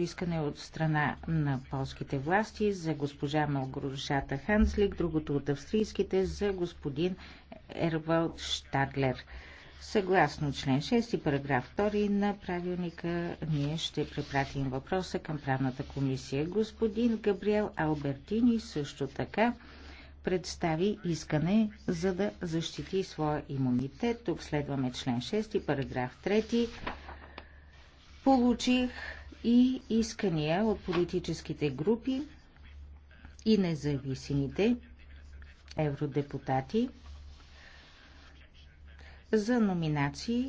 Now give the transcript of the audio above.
искане от страна на полските власти за госпожа Малгорушата Ханслик, другото от австрийските за господин Ервалд Штадлер. Съгласно член 6 и параграф 2 на правилника, ние ще препратим въпроса към правната комисия. Господин Габриел Албертини също така представи искане, за да защити своя имунитет. Тук следваме член 6, и параграф 3. Получих и искания от политическите групи и независимите евродепутати за номинации